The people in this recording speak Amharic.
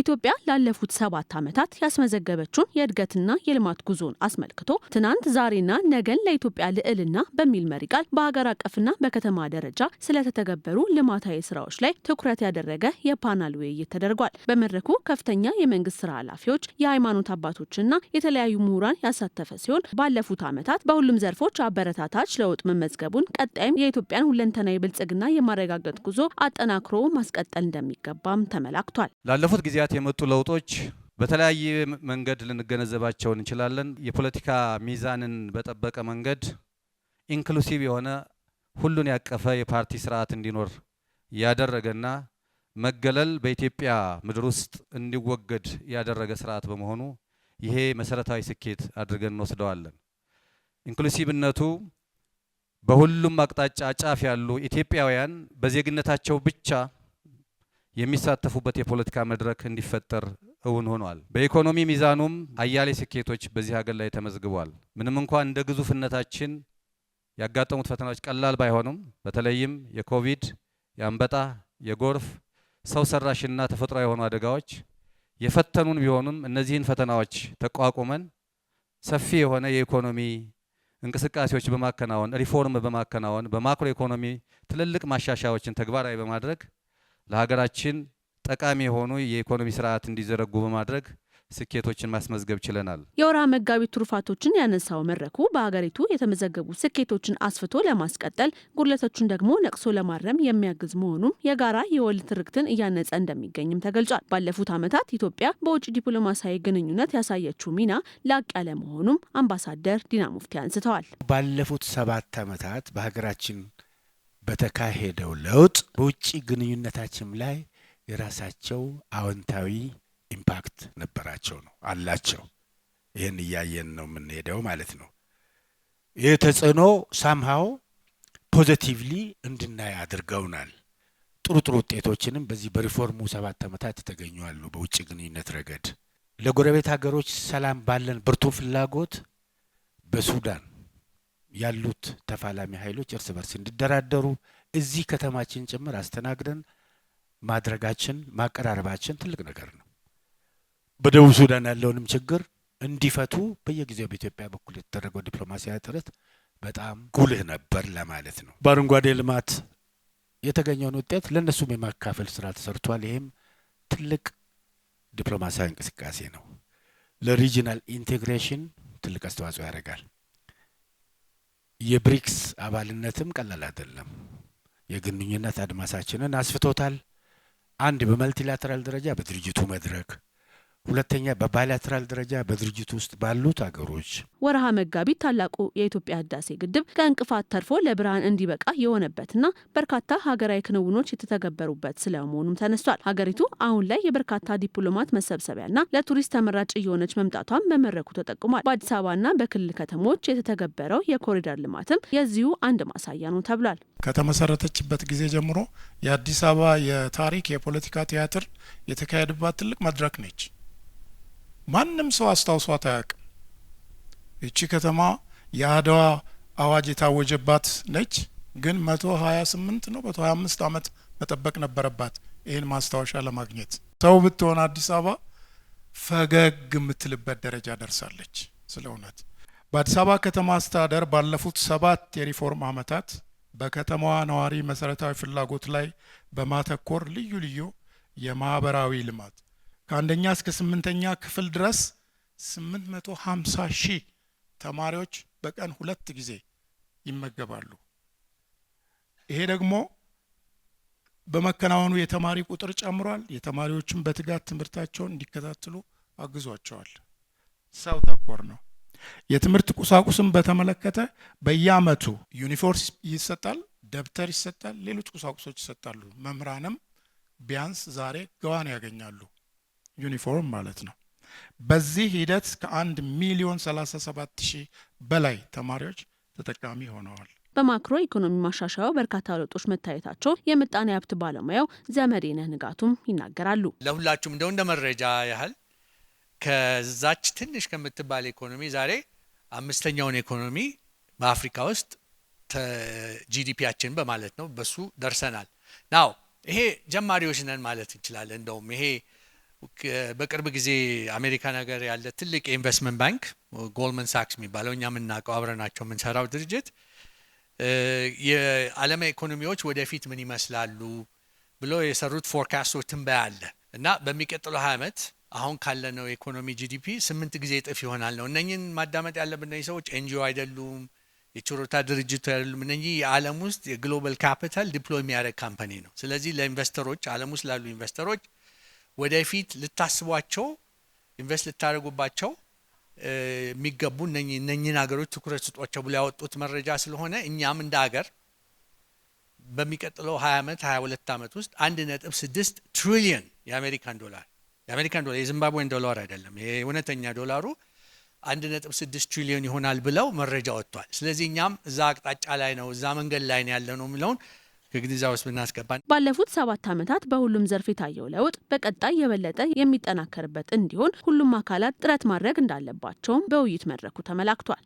ኢትዮጵያ ላለፉት ሰባት ዓመታት ያስመዘገበችውን የእድገትና የልማት ጉዞን አስመልክቶ ትናንት ዛሬና ነገን ለኢትዮጵያ ልዕልና በሚል መሪ ቃል በሀገር አቀፍና በከተማ ደረጃ ስለተተገበሩ ልማታዊ ስራዎች ላይ ትኩረት ያደረገ የፓናል ውይይት ተደርጓል። በመድረኩ ከፍተኛ የመንግስት ስራ ኃላፊዎች፣ የሃይማኖት አባቶችና የተለያዩ ምሁራን ያሳተፈ ሲሆን ባለፉት ዓመታት በሁሉም ዘርፎች አበረታታች ለውጥ መመዝገቡን፣ ቀጣይም የኢትዮጵያን ሁለንተናዊ ብልጽግና የማረጋገጥ ጉዞ አጠናክሮ ማስቀጠል እንደሚገባም ተመላክቷል። ላለፉት ጊዜ ጊዜያት የመጡ ለውጦች በተለያየ መንገድ ልንገነዘባቸው እንችላለን። የፖለቲካ ሚዛንን በጠበቀ መንገድ ኢንክሉሲቭ የሆነ ሁሉን ያቀፈ የፓርቲ ስርዓት እንዲኖር ያደረገና መገለል በኢትዮጵያ ምድር ውስጥ እንዲወገድ ያደረገ ስርዓት በመሆኑ ይሄ መሰረታዊ ስኬት አድርገን እንወስደዋለን። ኢንክሉሲቭነቱ በሁሉም አቅጣጫ ጫፍ ያሉ ኢትዮጵያውያን በዜግነታቸው ብቻ የሚሳተፉበት የፖለቲካ መድረክ እንዲፈጠር እውን ሆኗል። በኢኮኖሚ ሚዛኑም አያሌ ስኬቶች በዚህ ሀገር ላይ ተመዝግቧል። ምንም እንኳን እንደ ግዙፍነታችን ያጋጠሙት ፈተናዎች ቀላል ባይሆኑም በተለይም የኮቪድ፣ የአንበጣ፣ የጎርፍ፣ ሰው ሰራሽና ተፈጥሮ የሆኑ አደጋዎች የፈተኑን ቢሆኑም እነዚህን ፈተናዎች ተቋቁመን ሰፊ የሆነ የኢኮኖሚ እንቅስቃሴዎች በማከናወን ሪፎርም በማከናወን በማክሮ ኢኮኖሚ ትልልቅ ማሻሻያዎችን ተግባራዊ በማድረግ ለሀገራችን ጠቃሚ የሆኑ የኢኮኖሚ ስርዓት እንዲዘረጉ በማድረግ ስኬቶችን ማስመዝገብ ችለናል። የወርሃ መጋቢ ትሩፋቶችን ያነሳው መድረኩ በሀገሪቱ የተመዘገቡ ስኬቶችን አስፍቶ ለማስቀጠል ጉድለቶችን ደግሞ ነቅሶ ለማረም የሚያግዝ መሆኑም የጋራ የወል ትርክትን እያነጸ እንደሚገኝም ተገልጿል። ባለፉት ዓመታት ኢትዮጵያ በውጭ ዲፕሎማሲያዊ ግንኙነት ያሳየችው ሚና ላቅ ያለ መሆኑም አምባሳደር ዲና ሙፍቲ አንስተዋል። ባለፉት ሰባት ዓመታት በሀገራችን በተካሄደው ለውጥ በውጭ ግንኙነታችን ላይ የራሳቸው አዎንታዊ ኢምፓክት ነበራቸው ነው አላቸው። ይህን እያየን ነው የምንሄደው ማለት ነው። ይህ ተጽዕኖ ሳምሃው ፖዘቲቭሊ እንድናይ አድርገውናል። ጥሩ ጥሩ ውጤቶችንም በዚህ በሪፎርሙ ሰባት ዓመታት የተገኙ አሉ። በውጭ ግንኙነት ረገድ ለጎረቤት ሀገሮች ሰላም ባለን ብርቱ ፍላጎት በሱዳን ያሉት ተፋላሚ ኃይሎች እርስ በርስ እንዲደራደሩ እዚህ ከተማችን ጭምር አስተናግደን ማድረጋችን ማቀራረባችን ትልቅ ነገር ነው። በደቡብ ሱዳን ያለውንም ችግር እንዲፈቱ በየጊዜው በኢትዮጵያ በኩል የተደረገው ዲፕሎማሲያዊ ጥረት በጣም ጉልህ ነበር ለማለት ነው። በአረንጓዴ ልማት የተገኘውን ውጤት ለእነሱም የማካፈል ስራ ተሰርቷል። ይህም ትልቅ ዲፕሎማሲያዊ እንቅስቃሴ ነው። ለሪጂናል ኢንቴግሬሽን ትልቅ አስተዋጽኦ ያደርጋል። የብሪክስ አባልነትም ቀላል አይደለም። የግንኙነት አድማሳችንን አስፍቶታል። አንድ በመልቲላተራል ደረጃ በድርጅቱ መድረክ ሁለተኛ በባይላተራል ደረጃ በድርጅት ውስጥ ባሉት አገሮች ወረሃ መጋቢት ታላቁ የኢትዮጵያ ህዳሴ ግድብ ከእንቅፋት ተርፎ ለብርሃን እንዲበቃ የሆነበትና በርካታ ሀገራዊ ክንውኖች የተተገበሩበት ስለመሆኑም ተነስቷል። ሀገሪቱ አሁን ላይ የበርካታ ዲፕሎማት መሰብሰቢያና ለቱሪስት ተመራጭ እየሆነች መምጣቷን በመድረኩ ተጠቁሟል። በአዲስ አበባና በክልል ከተሞች የተተገበረው የኮሪደር ልማትም የዚሁ አንድ ማሳያ ነው ተብሏል። ከተመሰረተችበት ጊዜ ጀምሮ የአዲስ አበባ የታሪክ የፖለቲካ ቲያትር የተካሄደባት ትልቅ መድረክ ነች። ማንም ሰው አስታውሷት አያውቅም። እቺ ከተማ የአድዋ አዋጅ የታወጀባት ነች። ግን መቶ ሀያ ስምንት ነው መቶ ሀያ አምስት አመት መጠበቅ ነበረባት ይህን ማስታወሻ ለማግኘት። ሰው ብትሆን አዲስ አበባ ፈገግ የምትልበት ደረጃ ደርሳለች። ስለ እውነት በአዲስ አበባ ከተማ አስተዳደር ባለፉት ሰባት የሪፎርም አመታት በከተማዋ ነዋሪ መሰረታዊ ፍላጎት ላይ በማተኮር ልዩ ልዩ የማህበራዊ ልማት ከአንደኛ እስከ ስምንተኛ ክፍል ድረስ 850 ሺህ ተማሪዎች በቀን ሁለት ጊዜ ይመገባሉ። ይሄ ደግሞ በመከናወኑ የተማሪ ቁጥር ጨምሯል። የተማሪዎችን በትጋት ትምህርታቸውን እንዲከታተሉ አግዟቸዋል። ሰው ተኮር ነው። የትምህርት ቁሳቁስን በተመለከተ በየአመቱ ዩኒፎርስ ይሰጣል፣ ደብተር ይሰጣል፣ ሌሎች ቁሳቁሶች ይሰጣሉ። መምህራንም ቢያንስ ዛሬ ገዋን ያገኛሉ። ዩኒፎርም ማለት ነው። በዚህ ሂደት ከአንድ ሚሊዮን 37 ሺህ በላይ ተማሪዎች ተጠቃሚ ሆነዋል። በማክሮ ኢኮኖሚ ማሻሻያው በርካታ ለውጦች መታየታቸው የምጣኔ ሀብት ባለሙያው ዘመዴነህ ንጋቱም ይናገራሉ። ለሁላችሁም እንደው እንደ መረጃ ያህል ከዛች ትንሽ ከምትባል ኢኮኖሚ ዛሬ አምስተኛውን ኢኮኖሚ በአፍሪካ ውስጥ ጂዲፒያችን በማለት ነው በሱ ደርሰናል። ናው ይሄ ጀማሪዎች ነን ማለት እንችላለን። እንደውም ይሄ በቅርብ ጊዜ አሜሪካን ሀገር ያለ ትልቅ የኢንቨስትመንት ባንክ ጎልመን ሳክስ የሚባለው እኛ የምናውቀው አብረናቸው የምንሰራው ድርጅት የዓለም ኢኮኖሚዎች ወደፊት ምን ይመስላሉ ብሎ የሰሩት ፎርካስቶች ትንበያ አለ እና በሚቀጥለው ሀያ ዓመት አሁን ካለነው የኢኮኖሚ ጂዲፒ ስምንት ጊዜ እጥፍ ይሆናል ነው። እነኝን ማዳመጥ ያለብን ሰዎች ኤንጂኦ አይደሉም፣ የችሮታ ድርጅቱ አይደሉም። እነኚህ የዓለም ውስጥ የግሎባል ካፒታል ዲፕሎይ የሚያደርግ ካምፓኒ ነው። ስለዚህ ለኢንቨስተሮች፣ ዓለም ውስጥ ላሉ ኢንቨስተሮች ወደፊት ልታስቧቸው ኢንቨስት ልታደርጉባቸው የሚገቡ እነኝን ሀገሮች ትኩረት ስጧቸው ብሎ ያወጡት መረጃ ስለሆነ እኛም እንደ ሀገር በሚቀጥለው 20 ዓመት 22 ዓመት ውስጥ አንድ ነጥብ ስድስት ትሪሊየን የአሜሪካን ዶላር የአሜሪካን ዶላር የዚምባብዌን ዶላር አይደለም፣ የእውነተኛ ዶላሩ አንድ ነጥብ ስድስት ትሪሊዮን ይሆናል ብለው መረጃ ወጥቷል። ስለዚህ እኛም እዛ አቅጣጫ ላይ ነው፣ እዛ መንገድ ላይ ነው ያለ ነው የሚለውን ከጊዜ ውስጥ ብናስገባ ባለፉት ሰባት ዓመታት በሁሉም ዘርፍ የታየው ለውጥ በቀጣይ የበለጠ የሚጠናከርበት እንዲሆን ሁሉም አካላት ጥረት ማድረግ እንዳለባቸውም በውይይት መድረኩ ተመላክቷል።